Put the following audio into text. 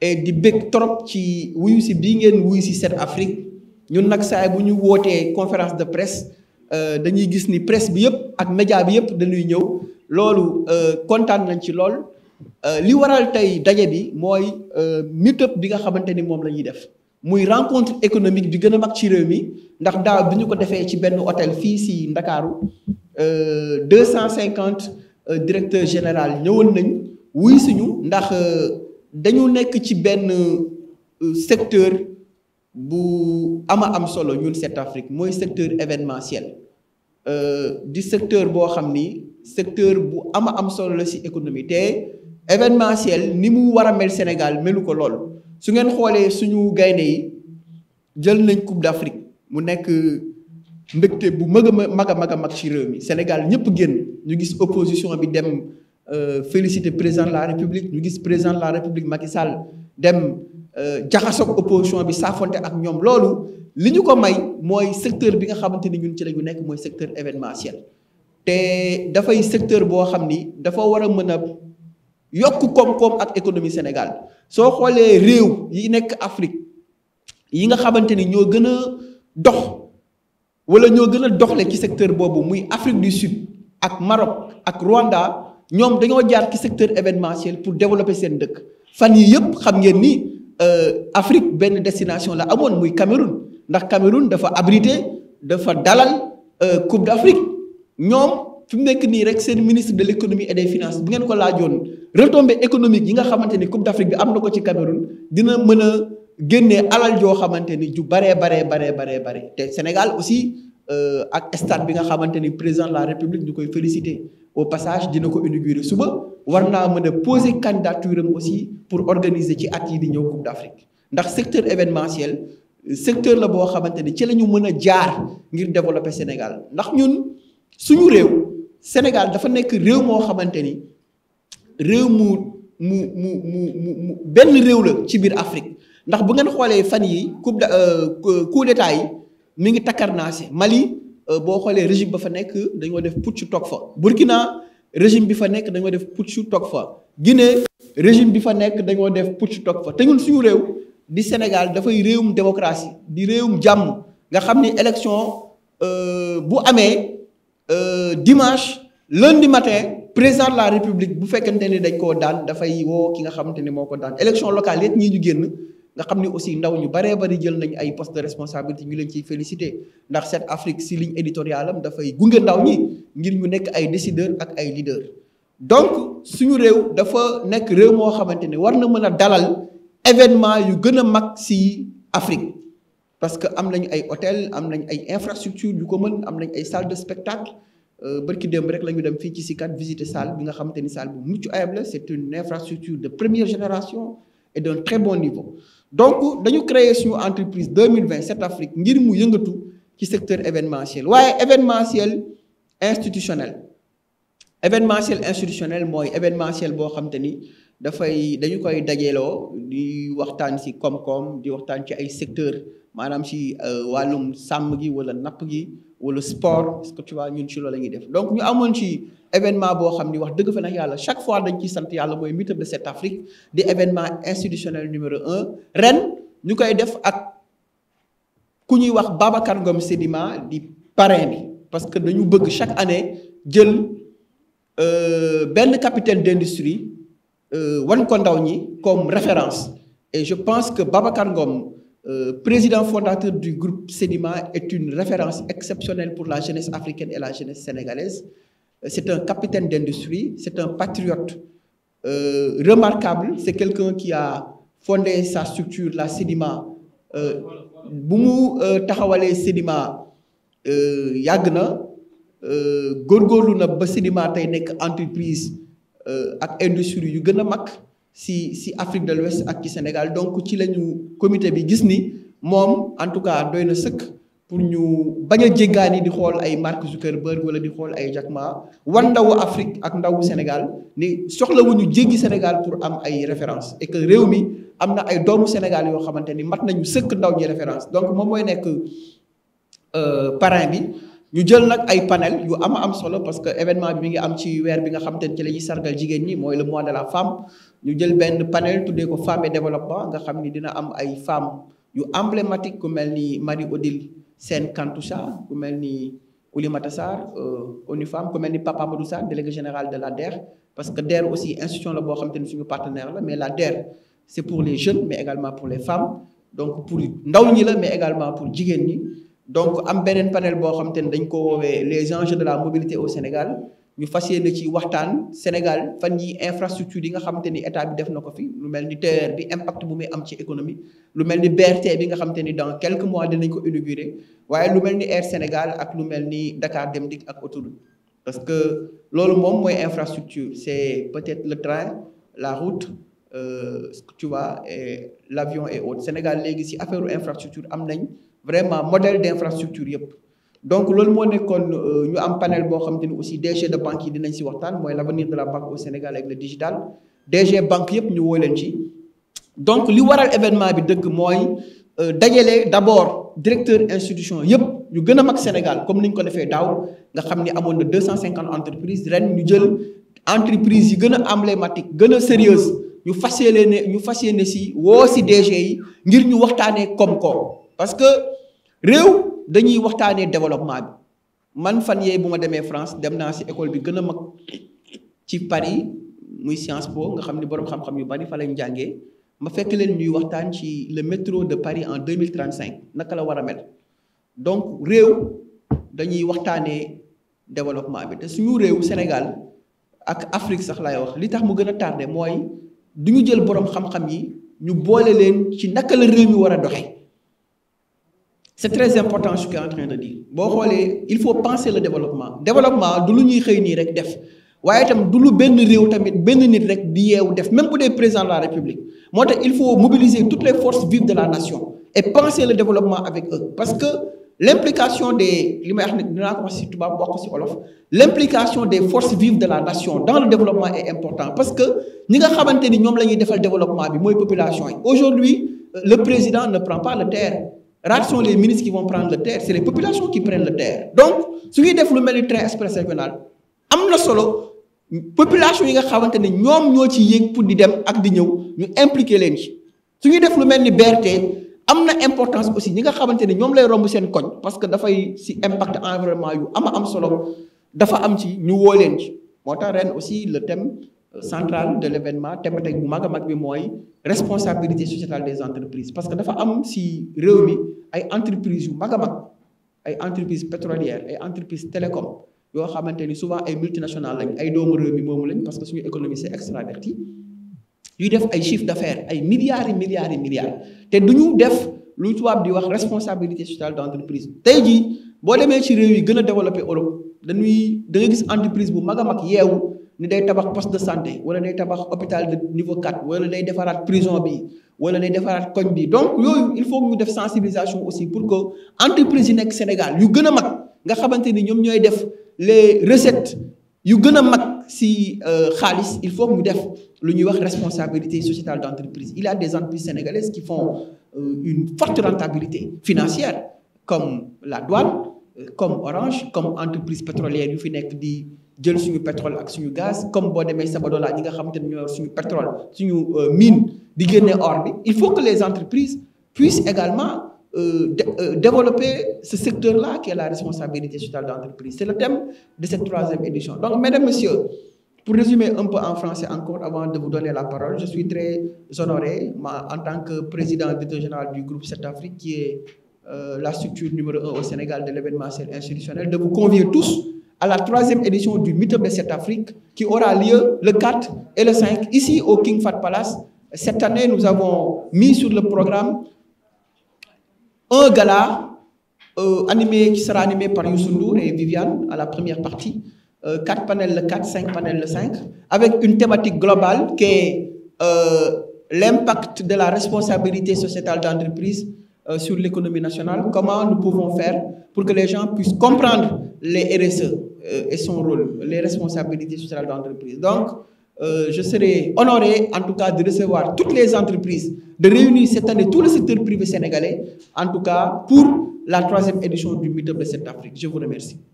di bëgg trop ci wuyu si bii ngeen wuyu si Set Afrique ñun nag saay bu ñu wootee conférence de presse euh, dañuy gis ni presse bi yëpp ak média bi yëpp dañuy ñëw loolu euh, kontaan nañ ci lool euh, li waral tey daje bi mooy meet-up bi nga xamante ni moom la ñuy def muy rencontre économique bi gën a mag ci réew mi ndax daaw bi ñu ko defee ci benn hôtel fii si Ndakaaru deux cent cinquante directeur général ñëwoon nañ wuy suñu ndax dañu nekk ci benn euh, secteur bu ama am solo ñun cette Afrique mooy secteur événementiel euh, di secteur boo xam ni secteur bu ama am solo la ci économie te événementiel ni mu war a mel Sénégal melu ko lool su ngeen xoolee suñu gaynde yi jël nañ Coupe d'Afrique mu nekk mbégte bu mag a mag a mag a mag ci réew mi Sénégal ñëpp génn ñu gis opposition bi dem Euh, félicité président de la république ñu gis président de la république Macky Sall dem euh, jaxasoog opposition bi saafonte ak ñoom loolu li ñu ko may mooy secteur bi nga xamante ni ñun ci la ñu nekk mooy secteur événementiel. te dafay secteur boo xam ni dafa war a mën a yokk koom-koom ak économie Sénégal soo xoolee réew yi nekk Afrique yi nga xamante ni ñoo gën a dox wala ñoo gën a doxle ci secteur boobu muy Afrique du Sud ak marok ak Rwanda. ñoom dañoo jaar ci secteur événementiel pour développer seen dëkk fan yi yëpp xam ngeen ni euh, Afrique benn destination la amoon muy Cameroun ndax Cameroun dafa abrité dafa dalal euh, Coupe d'Afrique ñoom fi mu nekk nii rek seen ministre de l'économie et des finance bu ngeen ko laajoon retombées économiques yi nga xamante ni Coupe d'Afrique bi am na ko ci Cameroun dina mën a génnee alal joo xamante ni ju baree baree baree baree bare te Sénégal aussi euh, ak stade bi nga xamante ni président de la République ñu koy féliciter au passage dina ko inaugurer suba war naa mën a pose candidature am aussi pour organiser ci at yi di ñëw Coupe d'Afrique ndax secteur événementiel secteur la boo xamante ni ci la ñu mën a jaar ngir développer Sénégal ndax ñun suñu réew Sénégal dafa nekk réew moo xamante ni réew mu mu mu mu mu benn réew la ci biir Afrique ndax bu ngeen xoolee fan yi coupe euh, coup d'état yi mi ngi si Mali Euh, boo xoolee régime ba fa nekk dañoo def putsch toog fa Burkina régime bi fa nekk dañoo def putsch toog fa Guinée régime bi fa nekk dañoo def putsch toog fa te ñun suñu réew di Sénégal dafay réewum démocratie di réewum jàmm nga xam ni élection euh, bu amee euh, dimanche lundi matin président de la république bu fekkante ni dañ koo daan dafay woo ki nga xamante ni moo ko daan élection locale yëpp ñii ñu génn nga xam ni aussi ndaw ñu baree bari jël nañ ay post de responsabilité ñu leen ciy félicité ndax cette Afrique si ligne éditoriale am dafay gunge ndaw ñi ngir ñu nekk ay décideurs ak ay leaders. donc suñu réew dafa nekk réew moo xamante ne war na mën a dalal événement yu gën a mag si Afrique parce que am nañu ay hôtel am nañ ay infrastructure yu ko mën am nañ ay salle de spectacle. Euh, bërki démb rek la dem fii ci si SICAD visiter salle bi nga xamante ni salle bu mucc ayib la c'est une infrastructure de première génération et d'un très bon donc dañu créer suñu entreprise 2020 Set Afrique ngir mu yëngatu ci secteur événementiel waaye événementiel institutionnel événementiel institutionnel mooy événementiel boo xam te ni dafay dañu koy dajeeloo di waxtaan ci koom-koom di waxtaan ci ay secteur maanaam ci euh, wàllum sàmm gi walla napp gi walla sport parce que ci vois ñun ci loolu la ñuy def donc ñu amoon ci événement boo xam ni wax dëgg fa nag yàlla chaque fois dañ ciy sant yàlla mooy meet-up de cette Afrique di événement institutionnel numéro un ren ñu koy def ak ku ñuy wax Babacar Ngom Sedima di parrain bi parce que dañu bëgg chaque année jël euh, benn capitaine d'industrie euh, wan ko ndaw ñi comme référence et je pense que Babacar Ngom Euh, président fondateur du groupe Sedima est une référence exceptionnelle pour la jeunesse africaine et la jeunesse sénégalaise Euh, c'est un capitaine d'industrie, c'est un patriote euh, remarquable, c'est quelqu'un qui a fonde sa structure, la Sédima. Euh, bu mu euh, taxawalee Sédima yàgg na góorgóorlu na ba Sédima tey nekk entreprise ak industrie yu gën a mag si si Afrique de l'Ouest ak ci Sénégal donc ci lañu comité bi gis ni moom en tout cas doy na sëkk pour ñu bañ a jéggaani di xool ay Mark Zuckerberg wala di xool ay Jack Ma wan ndawu Afrique ak ndawu Sénégal ni soxlawuñu jéggi Sénégal pour am ay référence et réew mi am na ay doomu Sénégal yoo xamante ni mat nañu sëkk ndaw ñi référence donc moom mooy nekk euh, parrain bi ñu jël nag ay panel yu am am solo parce que événement bi mi ngi am ci weer bi nga xam te ne ci la ñuy sargal jigéen ñi mooy le mois de la femme ñu jël benn panel tuddee ko femme développement nga xam ni dina am ay femmes yu emblématique ku mel ni Marie Odile seen Kantoucha ku mel ni Oulimata Sarr euh, ONUFEM ku mel ni Papa Amadou Sarr délégué général de la DER parce que DER aussi institution la boo xamante ni suñu partenaire la mais la DER c'est pour les jeunes mais également pour les femmes donc pour ndaw ñi la mais également pour jigéen ñi donc am beneen panel boo xamante ni dañ ko woowee les enjeux de la mobilité au Sénégal ñu fas yéene ci waxtaan Sénégal fan yi infrastructure yi nga xamante ni état bi def na ko fi lu mel ni TER bi impact bu muy am ci économie lu mel ni BRT bi nga xamante ni dans quelques mois dinañ ko inaugurer waaye lu mel ni Air Sénégal ak lu mel ni Dakar Dem Dikk ak autoroute parce que loolu moom mooy infrastructure c'est peut-être le train la route euh, tu vois et l'avion et autres Sénégal léegi si affaire infrastructure am nañ vraiment modèle d'infrastructure yëpp donc loolu moo nekkoon euh, ñu am panel boo xam ni aussi DG de banque yi dinañ si waxtaan mooy l'avenir de la banque au Sénégal avec le digital DG banque yëpp ñu woleen ci donc li waral événement bi dëgg mooy euh, dajale d'abord directeur institution yëpp ñu gën a mag Sénégal comme ni ñu ko defee daaw nga xam ni amoon na deux cent cinquante entreprise ren ñu jël entreprise yi gën a emblématique gën a sérieuse ñu fas yéene ñu fas yéene si woo si DG yi ngir ñu waxtaanee koom-koom parce réew dañuy waxtaanee développement bi man fan yee bu ma demee France dem naa si école bi gën a mag ci Paris muy Sciences Po nga xam ni boroom xam-xam yu bari fa lañ jàngee ma fekk leen ñuy waxtaan ci le métro de Paris en deux mille trente cinq naka la war a mel donc réew dañuy waxtaanee développement bi te suñu réew Sénégal ak Afrique sax lay wax li tax mu gën a tardé mooy duñu jël boroom xam-xam yi ñu boole leen ci naka la réew mi war a doxe c'est très important ce que je suis en train de dire boo xoolee il faut penser le développement développement du lu ñuy xëy nii rek def waaye itam du lu benn réew tamit benn nit rek bi yeewu def même bu dee président de la république moo tax il faut mobiliser toutes les forces vives de la nation et penser le développement avec eux parce que l'implication des li may wax ne dinaa ko olof l'implication des forces vives de la nation dans le développement est important parce que ñi xamante ni ñoom la ñuy defal développement bi mooy population yi aujourd'hui président ne prend pas le rares sont les ministres qui vont prendre le terre c'est les populations qui prennent le terre donc su ñuy def lu mel ni train express régional am na solo population yi nga xamante ne ñoom ñoo ci yéeg pour di dem ak di ñëw ñu impliqué leen ci su ñuy def lu mel ni BRT am na importance aussi ñi nga xamante ne ñoom lay romb seen koñ parce que dafay si impact environnement yu ama am solo dafa am ci ñu woo leen ci moo tax ren aussi le thème centrale de l'événement thématique bu mag a mag bi mooy responsabilité sociétale des entreprises parce que dafa am si réew mi ay entreprises yu mag a mag ay entreprise pétrolières ay entreprises télécom yoo xamante ni souvent ay multinationales lañ ay doomu réew mi moomu lañ parce que suñu économie c'est extraverti yuy def ay chiffre d'affaires ay milliards yi milliards yi milliards te du ñu def lu tubaab di wax responsabilité sociétale d'entreprise te jii boo demee ci réew yi gën a développé Europe dañuy da gis entreprise bu mag a mag yeewu ni day tabax poste de santé wala nay tabax hôpital de niveau 4 wala day defaraat prison bi wala day defaraat koñ bi donc yooyu il faut ñu def sensibilisation aussi pour que entreprise yi nekk Sénégal yu gën a mag nga xamante ni ñoom ñooy def les recettes yu gën a mag si euh, xaalis il faut ñu def lu ñuy wax responsabilité sociétale d'entreprise il y a des entreprises sénégalaises qui font euh, une forte rentabilité financière comme la douane comme Orange comme entreprise pétrolière yu fi nekk di jël suñu pétrole ak suñu gaz comme boo demee Sabodala ñi nga xam te ne ñoo suñu pétrole suñu euh, mine di génne or bi il faut que les entreprises puissent également Euh, de, euh, développer ce secteur-là qui est la responsabilité sociale d'entreprise. C'est le thème de cette troisième édition. Donc, mesdames, messieurs, pour résumer un peu en français encore, avant de vous donner la parole, je suis très honoré en tant que président directeur général groupe Cet Afrique, qui Euh, la structure numéro au Sénégal de l'événementiel institutionnel, de vous convier tous à la troisième édition du Meetup de Afrique qui aura lieu le 4 et le 5 ici au King Fat Palace. Cette année, nous avons mis sur le programme un gala euh, animé qui sera animé par Youssou et Viviane à la première partie. le 4, 5 panels le 5, avec une thématique globale qui euh, l'impact de la responsabilité sociétale d'entreprise Euh, sur l'économie nationale, comment nous pouvons faire pour que les gens puissent comprendre les RSE euh, et responsabilités sociales d'entreprise. Donc, euh, je serai honoré en tout cas de recevoir toutes les entreprises, de réunir cette année tout le secteur privé sénégalais, en tout cas pour la troisième édition du Meetup de Centrafrique. Je vous remercie.